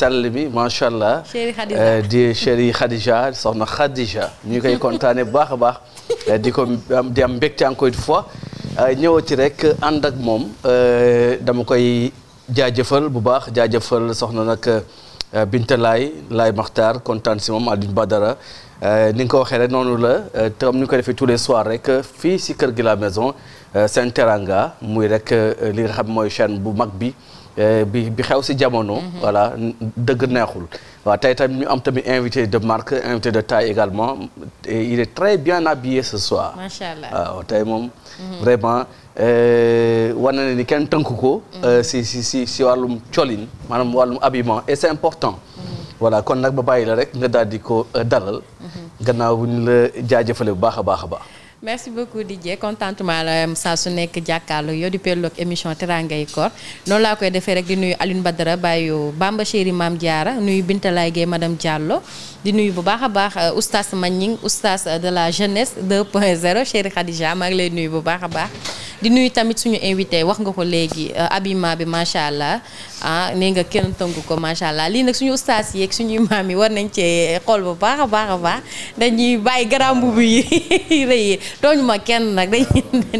sàll bi macha allah euh, di chéri Khadija soxna Khadija ñu koy kontaane bu baax a baax euh, di ko di am mbégte encore une fois euh, ñëwa ci rek ànd ak moom dama koy jaajëfal bu baax jaajëfal soxna nag Binta Laay Laay Maxtaar kontaan si moom Alioune Badara ni nga ko waxee rek noonu la te comme koy ko defee tous les soirs rek fii si kër gi la maison Sen Teranga muy rek li nga xam mooy chaîne bu mag bi Euh, bi bi xew si jamono. Mhm. voilà dëgg neexul. waaw tey tamit ñu am tamit invité de marque invité de taille également il est très bien habillé ce soir. macha allah waaw tey moom. Mhm. vraiment euh, war ni kenn tënk ko. Mhm. Euh, si si si si wàllum colin maanaam wàllum habillement et c'est important. voilà kon nag ba bàyyi la rek nga daal di ko dalal. gannaaw bu ñu la jaajëfale bu baax a baax a baax. merci di Didier contentement la um, saa su nekk jàkkaarloo yow di pelloog émission teranga yi koor noonu laa koy defee rek di nuyu alin Badara bàyyu Bamba Chéri Mame Diarra nuyu Bintalaay ma dem Diallo di nuyu bu baax a baax uh, oustaz Magning oustaz uh, de la jeunesse 2.0 Chéri Khadija maa ngi lay nuyu bu baax a baax. di nuyu tamit suñu invité wax nga ko léegi euh, abima bi macha allah ah nee nga kenn tënku ko macha allah lii nag suñu ustaas yeeg suñu maam yi war nañ cee xool bu baax a baax a baax dañuy bàyyi garaam bu yi rëy yi tooñ ma kenn nag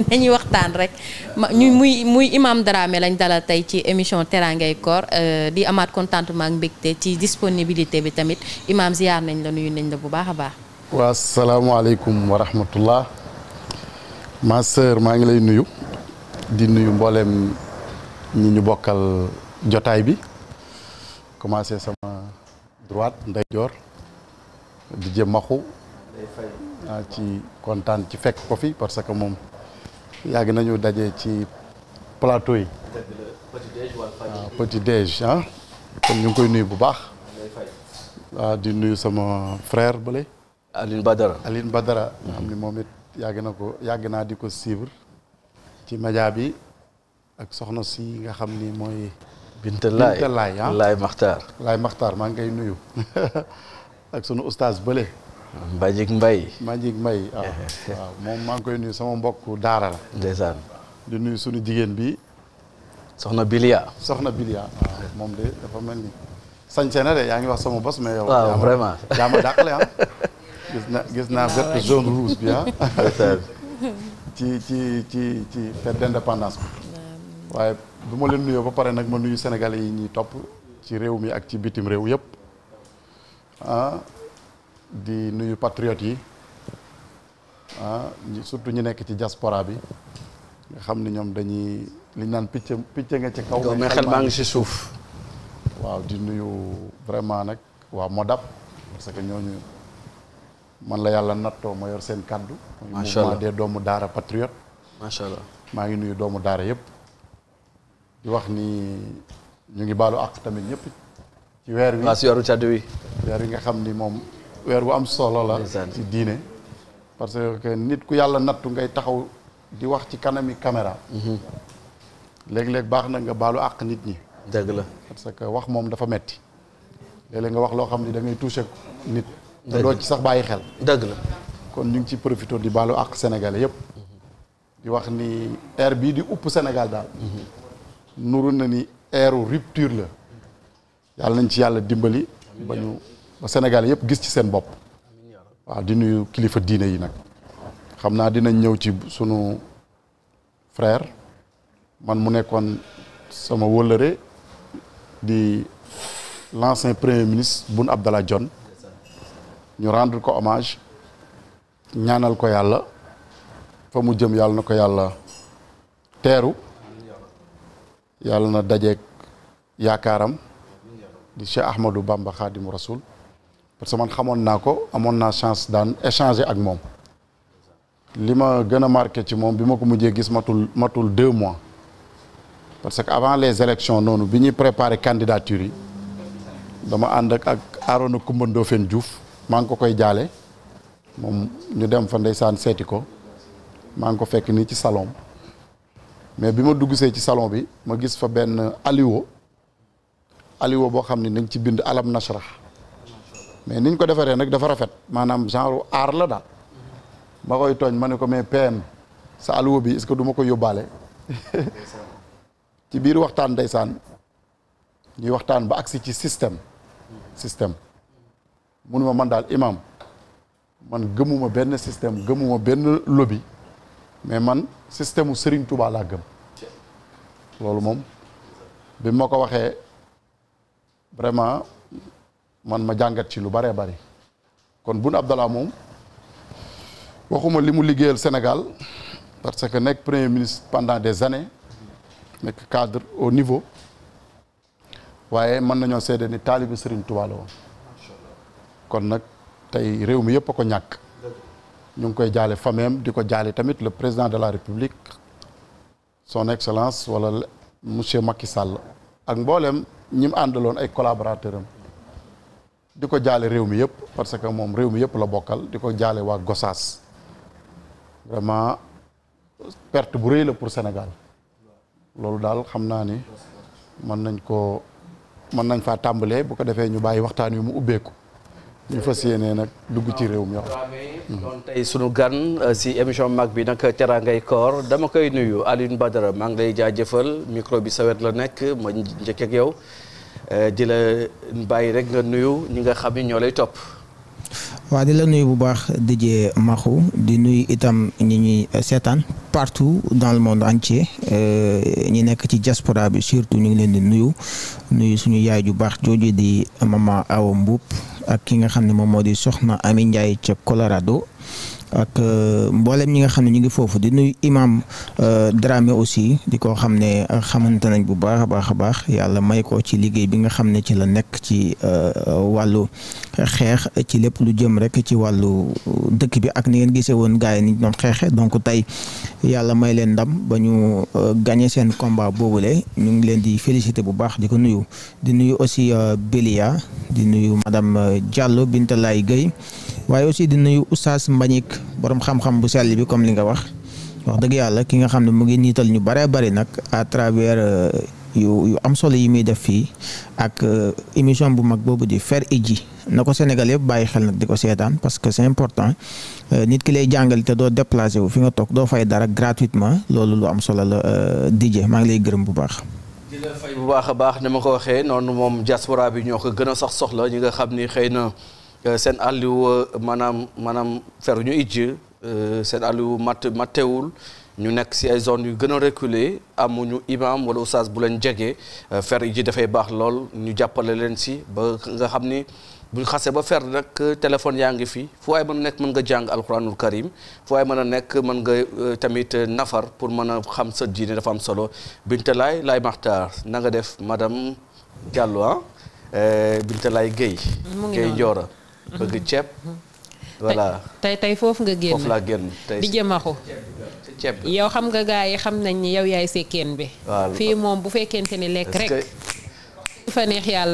dañuy waxtaan rek ma ñu muy muy imaam Dramé lañ dalal tey ci émission terangay koor euh, di amaat contentement ak mbégte ci disponibilité bi tamit imam ziar nañ la nuyu nañ la bu baax a baax. waa salaamualeykum wa rahmatullah ma maa ngi lay nuyu di nuyu mbooleem ñi ñu bokkal jotaay bi commencé sama droite ndeyjoor di jëm maxu ah, ci kontaan ci fekk ko fi parce que moom yàgg nañu daje ci plateau yi waaw ah, petit déj ah. kon ñu ngi koy nuyu bu baax waaw di nuyu sama frère bële Aline Badara alin Badara. nga xam ni moom it yàgg na ko yàgg naa di ko suivre ci média bi ak soxna si nga xam ni mooy. bint Laay Binta Laay ah Maxtaar. maa ngi koy nuyu ak sunu ustaas Bële. Mbajik Mbay. Mbajik Mbay ah. moom maa ngi koy nuyu sama mbokku daara la. di nuyu sunu jigéen bi. soxna Bilia. soxna Bilia waaw ah, moom de dafa mel ni. sañse na de yaa ngi wax sama bos mais yow. waaw vraiment yaa ma ah. gis na gis naa verte zone rouge bi ah. ci ci ci ci fête d'indépendance bi. waaye bu ma leen nuyoo ba pare nag ma nuyu sénégalais yi ñuy topp ci réew mi ak ci bitim réew yëpp ah di nuyu patriotes yi ah surtout ñu nekk ci jaspora bi nga xam ne ñoom dañuy li naan picc picc nga ci kaw. ma xel maa ngi si suuf. waaw di nuyu vraiment nag waa Modap parce que ñooñu. man la yàlla nattoo ma yor seen kàddu. macha allah des doomu daara patriote. macha allah maa ngi nuyu doomu daara yëpp. di wax ni ñu ngi baalu àq tamit ñëpp ci weer wi. waaw càdd wi. weer wi nga xam ni moom weer bu am solo la. ci diine. parce que nit ku yàlla nattu ngay taxaw di wax ci kanami caméra. Mhm. léeg-léeg baax na nga baalu àq nit ñi. dëgg la parce que wax moom dafa metti léeg-léeg nga wax loo xam ni da ngay touché nit. te doo ci sax bàyyi xel dëgg la kon ñu ngi ci profité di baalu ak sénégalais yëpp di wax ni air bii di upp Sénégal daal mm-hmm. nuru na ni airu rupture la yàlla nañ ci yàlla dimbali ba ñu ba Sénégal yëpp gis ci seen bopp waaw di nuyu kilifa diine yi nag xam naa dina ñëw ci sunu frère man mu nekkoon sama wëllëre di l'ancien premier ministre Boun Abdallah Dionne ñu rendre ko hommage ñaanal ko yàlla fa mu jëm yàlla na ko yàlla teeru yàlla na dajeeg yaakaaram di Cheikh Ahmadou Bamba Khadim Rasoul parce que man xamoon naa ko amoon naa chance daan échanger ak moom li ma gën a marqué ci moom bi ma ko mujjee gis matul matul deux mois parce que avant les élections noonu bi ñuy préparer candidature yi dama ànd ak ak Arona Coumba Ndoffène maa ngi ko koy jaale moom ñu dem fa ndeysaan seeti ko maa ngi ko fekk nii ci salon mais bi ma duggsee ci salon bi ma gis fa benn aliwo aliwo boo xam ne nañ ci bind alam nashrah mais niñ ko defaree nag dafa rafet maanaam genre aar la daal ma koy tooñ ma ne ko mais PM sa aliwo bi est-ce que du ma ko yóbbaale ci biir waxtaan ndeysaan ñuy waxtaan ba agsi ci système système munuma man daal imam man gëmuma benn système gëmuma benn lobby mais man système u Serigne Touba laa gëm loolu moom bi ma ko waxee vraiment man ma jàngat ci lu bëree bari kon Boun Abdallah moom waxuma li mu liggéeyal Sénégal parce que nekk premier ministre pendant des années nekk cadre au niveau waaye mën nañoo seede ni taalibi Serigne Touba la woon kon nag tey réew mi yëpp a ko ñàkk ñu ngi koy jaale fameem di ko jaale tamit le président de la république son excellence wala monsieur Macky Sall ak mbooleem ñi mu àndaloon ay collaborateur am di ko jaale réew mi yëpp parce que moom réew mi yëpp la bokkal di ko jaale waa Gossas vraiment perte bu rëy la pour Sénégal loolu daal xam naa ni mën nañ ko mën nañ faa tàmbalee bu ko defee ñu bàyyi waxtaan wi mu ubbeeku ñu fas yéene nag dugg ci réew mi doon tey gan euh, si émission mag bi nag teraangay koor dama koy nuyu Alioune Badara maa ngi lay jaajëfal micro bi sawet la nekk ma njëkk yow euh, di la bàyyi rek nga nuyu ñi nga xam ni ñoo lay topp. waa di la nuyu bu baax DJ maxu di nuyu itam ñi ñuy seetaan partout dans le monde entier euh, ñi nekk ci diaspora bi surtout ñu ngi leen di nuyu nuyu suñu yaay ju baax jooju di maman Awa Mboup ak ki nga xam ne moom moo di Soxna Ami Ndiaye ca Colorado ak euh, mbooleem ñi nga xam ne ñu ngi foofu di nuyu imam euh, Dramé aussi di ko xam ne euh, xamante nañ bu baax a baax a baax yàlla may ko ci liggéey bi nga xam ne ci la nekk ci wàllu xeex ci lépp lu jëm rek ci wàllu dëkk bi ak ni ngeen gisee woon gars yi ni doon xeexe donc tey yàlla may leen ndam ba ñu gagné seen combat boobule ñu ngi leen di félicité bu baax di ko nuyu di nuyu aussi Belia di nuyu madame Diallo Binta Laye Gueye waaye aussi di nuyu oustaz Mbagnick borom xam-xam bu sell bi comme li nga wax wax dëgg yàlla ki nga xam ne mu ngi niital ñu bare bari nag à travers euh, yu yu am solo yi muy def fii ak euh, émission bu mag boobu di Faire Idji na ko Sénégal yëpp bàyyi xel nag di ko seetaan parce que c'est important euh, nit ki lay jàngal doo déplacé wu fi nga toog doo fay dara gratuitement loolu lu am solo la DJ maa ngi lay gërëm bu baax. baax a baax ni ko waxee noonu moom diaspora bi ñoo ko gën a sox soxla ñi nga xam ni xëy na. Euh, seen àlliw euh, maanaam maanaam feruñu ijj euh, seen àlliw mat mattewul ñu nekk si ay zones yu gën a reculé amuñu imam wala oustaz bu leen jege fer ji dafay baax lool ñu jàppale leen si ba nga xam ni buñ xasee ba fer nag téléphone yaa ngi fi fu waay mën a nekk mën nga jàng alquranul karim fu waay mën a nekk man nga tamit nafar pour mën a xam sa diine dafa am solo Binta Laay Laay Maxtaar na nga def madame Diallo ah Binta Laay Guèye bëgg ceeb. voilà tey tey foofu nga génn foofu laa di jëmaxu yow xam nga gaa yi xam nañ ni yow yaay sekkeen bi. fii moom bu fekkente ni lekk rek. fa yàlla.